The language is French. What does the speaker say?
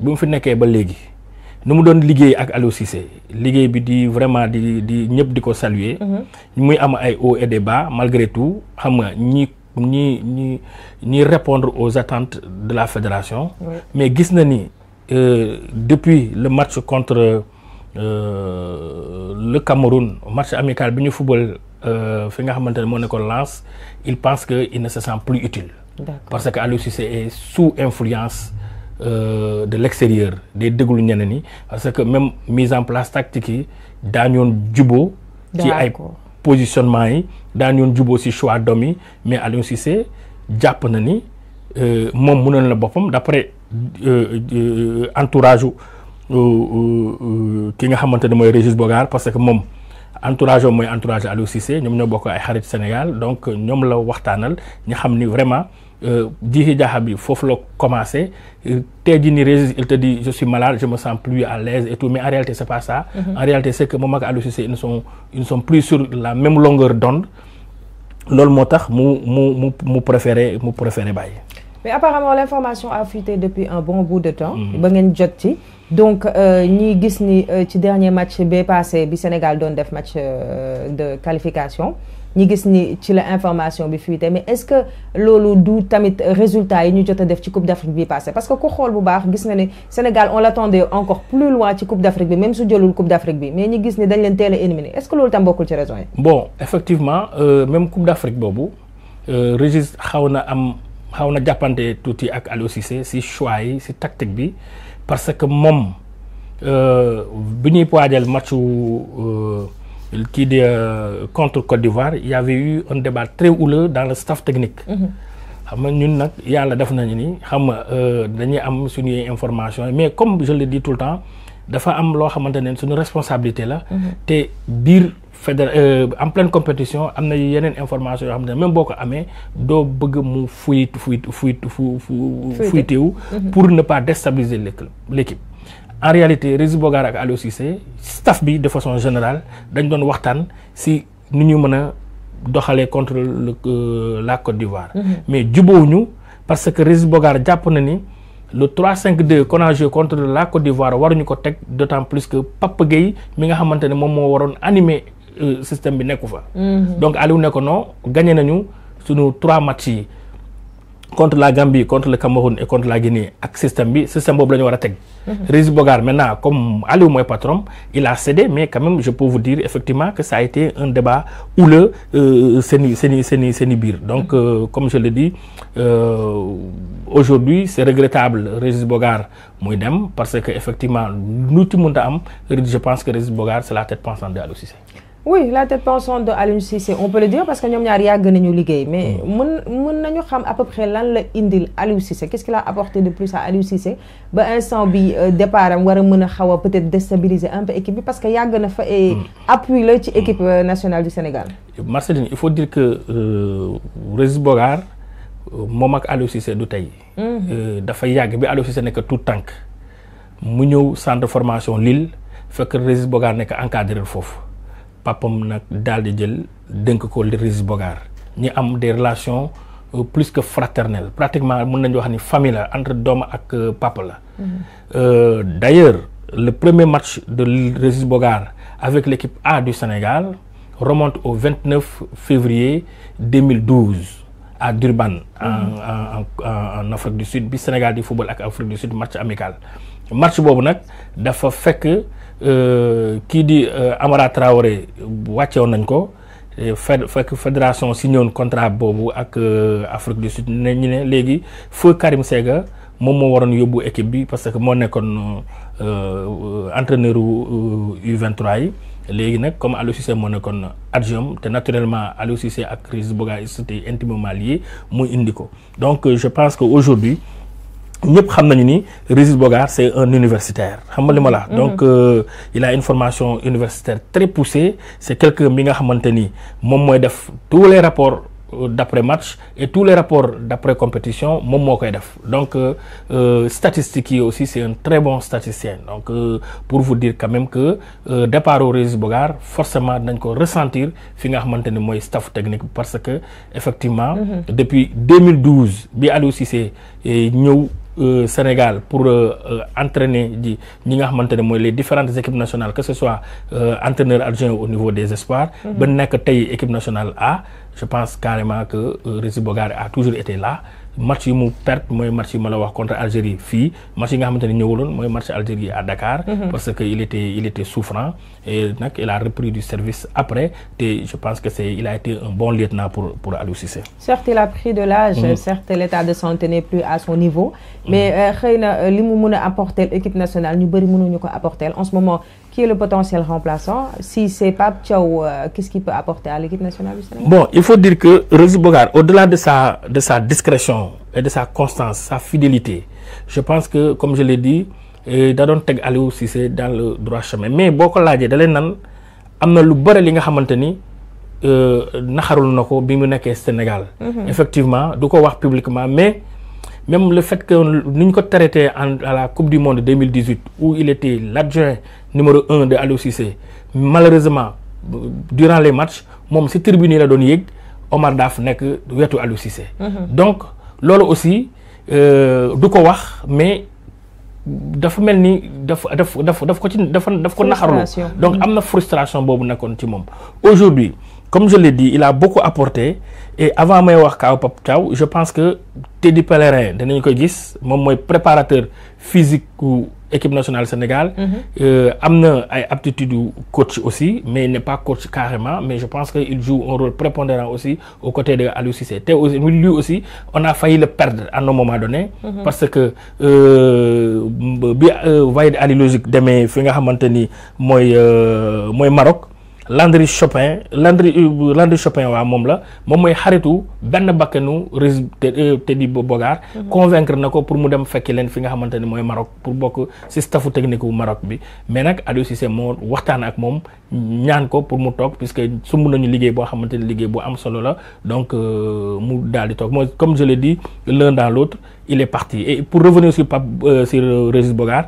bi mu fi nekkee ba léegi nu mu doon liggéey ak Aliou Cissé liggéey bi di vraiment di di ñëpp di ko saluer. Mhm. muy am ay haut et des bas malgré tout xam nga ñi ñi ñi ñi répondre aux attentes de la fédération. mais gis na ni euh, depuis le match contre euh, le Cameroun match amical bi ñu football euh, fi nga xamante ne moo nekkoon Lens il pense que il ne se sent plus utile. parce que Aliou Cissé est sous influence. Euh, de l'extérieur des déglu ñeneen parce que même mise en place tactique d'Anion Djubo qui a ay positionnement yi daañoon juboo si choix domi mais Aliou Cissé c'est na ni euh, mom mënoon la bopam d'après euh, euh, entourage qui qui nga xamante moy Régis Bogar parce que mom entourage moy mooy entourage Aliou Cissé ñom ñoo bokk ay xarit Sénégal donc ñom la waxtanal ñi xamni vraiment il faut il faut commencer il te dit je suis malade je me sens plus à l'aise et tout mais en réalité ce n'est pas ça. Mm-hmm. en réalité c'est que moom ak ils ne sont sont plus sur la même longueur d'onde Lol ce que mu préféré mais apparemment l'information a fuité depuis un bon bout de temps. Mm-hmm. ba ngeen donc nous euh, gis ni euh, ci dernier match bi passé le Sénégal donné def match euh, de qualification ñi gis ni ci la information bi mais est-ce que loolu du tamit résultat yi nous avons def Coupe d'Afrique passé parce que ku xool bu baax Sénégal on l'attendait encore plus loin la Coupe d'Afrique bi même su la Coupe d'Afrique bi mais ñi gis ni dañ leen teel est-ce que loolu tam de ci raison bon effectivement même Coupe d'Afrique le Régis xaw na am xaw tout jàppante ak Cissé choix c'est tactique parce que moom euh, bu ñuy waajal matchu qui euh, di euh, contre Côte d'Ivoire il y avait eu un débat très houleux dans le staff technique. Mm-hmm. xam nga ñun nag yàlla def nañu ni dañuy am information mais comme je le dis tout le temps dafa am loo xamante suñu responsabilité Là, mm-hmm. te euh, en pleine compétition y y une information yoo même Boko Amé, amee bëgg mu fuit fuit fuit fu mhm. pour ne pas déstabiliser l'équipe en réalité Régis Bogara ak Aliou Cissé staff bi de façon générale dañ ont dit si nous ñu mën contre euh, la Côte d'Ivoire mhm. mais nous, parce que Régis Bogara a na ni le 3-5-2 qu'on a joué contre la Côte d'Ivoire waruñu ko d'autant plus que Pape Gueye mi nga xamante animer euh, système bi nekku fa. Mhm. donc Aliou neko non gagné nañu nos trois matchs contre la Gambie contre le Cameroun et contre la Guinée ak système bi système boobu lañu wara tegg mhm. Régis bogar maintenant comme Aliou moy patron il a cédé mais quand même je peux vous dire effectivement que ça a été un débat houleux euh, seeni seeni seeni bir donc mhm. euh, comme je le dis aujourd'hui c'est regrettable Régis bogar moy dem parce que effectivement tout le monde je pense que Régis bogar c'est la tête pensante de Aliou oui la tête pensante de Aliou Cissé on peut le dire parce que a ñaar yàgg nañu liggéey mais mën hmm. mën nañu xam à peu près lan la indil Aliou Cissé qu'est-ce qu'il a apporté de plus à Aliou Cissé ba instant bi euh, départ am war a a peut-être déstabiliser un peu équipe parce que yàgg na et hmm. appui la ci hmm. équipe euh, nationale du Sénégal. Marceline il faut dire que euh, Régis Bogard moom ak Aliou Cissé du tey. dafa yàgg bi Aliou Cissé nekk tout tànk mu ñëw centre de formation Lille que Régis Bogard nekk encadreur foofu papam nak di jël ko des relations euh, plus que fraternelles pratiquement mën nañ wax ni famille entre doom ak euh, papa mm-hmm. euh, d'ailleurs le premier match de l'iris Bogar avec l'équipe A du Sénégal remonte au 29 février 2012 à Durban mm-hmm. en Afrique du Sud du Sénégal du football avec Afrique du Sud match amical match boobu nag fait que Euh, kii di euh, Amara Traoré woon nañ ko fed fekk fédération signé contrat boobu ak euh, Afrique du Sud ne ñu ne léegi foo Karim moom moo waroon yóbbu équipe bi parce que moo nekkoon entraîneur U23 yi léegi nag comme Aliou Cissé moo nekkoon adjoint te naturellement Aliou Cissé ak Chris Boga te intimement lié mu indi ko donc je pense que aujourd'hui Nous xam Régis Bogard c'est un universitaire mhm. donc euh, il a une formation universitaire très poussée c'est quelqu'un qui nga xamante tous les rapports euh, d'après match et tous les rapports d'après compétition mon donc euh, euh aussi c'est un très bon statisticien donc pour vous dire quand même que euh, départ au forcément nous ko ressentir fi nga mon staff technique parce que effectivement mhm. depuis 2012 bi aussi Cissé euh, Sénégal pour euh, euh, entraîner les différentes équipes nationales que ce soit entraîneur adjoint au niveau des espoirs. Mhm. équipe nationale A je pense carrément que Rizzi Bogar a toujours été là match yi mu perte mooy match yi ma la wax contre Algérie fii match yi nga xamante ne ñëwuloon mooy match Algérie à Dakar. Mhm. parce que il était il était souffrant et nag il a repris du service après te je pense que c'est il a été un bon lieutenant pour pour Aliou Cissé. certes il a pris de l'âge mhm. certes l'état de santé n'est plus à son niveau. mais mhm. euh, xëy na euh, li mu a apporter équipe nationale ñu bëri mënuñu ko apporter en ce moment qui est le potentiel remplaçant Si c'est pas Tchao, euh, qu'est-ce qu'il peut apporter à l'équipe nationale du Sénégal Bon, il faut dire que Rosy au-delà de sa, de sa discrétion et de sa constance, sa fidélité, je pense que, comme je l'ai dit, eh, da doon teg Aliou c'est dans le droit chemin mais beaucoup l'a dit da leen nan am de lu qui li nga xamante ni euh, naxarul na bi mu Sénégal mm-hmm. effectivement duko wax publiquement mais même le fait que nous avons traité à la Coupe du Monde 2018, où il était l'adjoint numéro 1 de Alou malheureusement, durant les matchs, même si la donné Omar Daf nek que mhm. Donc lolo aussi euh mais daf daf daf ko ci daf donc frustration aujourd'hui comme je l'ai dit, il a beaucoup apporté. Et avant de voir Tchao, je pense que Teddy Pellerin, mon préparateur physique ou équipe nationale Sénégal, mm euh, une aptitude coach aussi, mais il n'est pas coach carrément, mais je pense qu'il joue un rôle prépondérant aussi aux côtés de Alou Cissé. Lui aussi, on a failli le perdre à un moment donné, mhm. parce que euh, euh a Ali Logique, demain, il faut maintenir moi euh, Maroc. Landry Chopin Landry euh, Landry Chopin wa mom la moom mooy xaritu benn bakkanu rés euh, Teddy Bogar, mhm. convaincre nako pour mu dem fekk len fi nga xamanteni moy Maroc pour bok si staffu technique Maroc bi mais nak Aliou Cissé mon, waxtaan ak mom ñaan ko pour mu tok puisque sumu nañu liggéey bo xamanteni ne liggéey bu am solo la donc euh, mu dal di tok comme je l'ai dit l'un dans l'autre il est parti et pour revenir sur Pape sur Régis Bogar.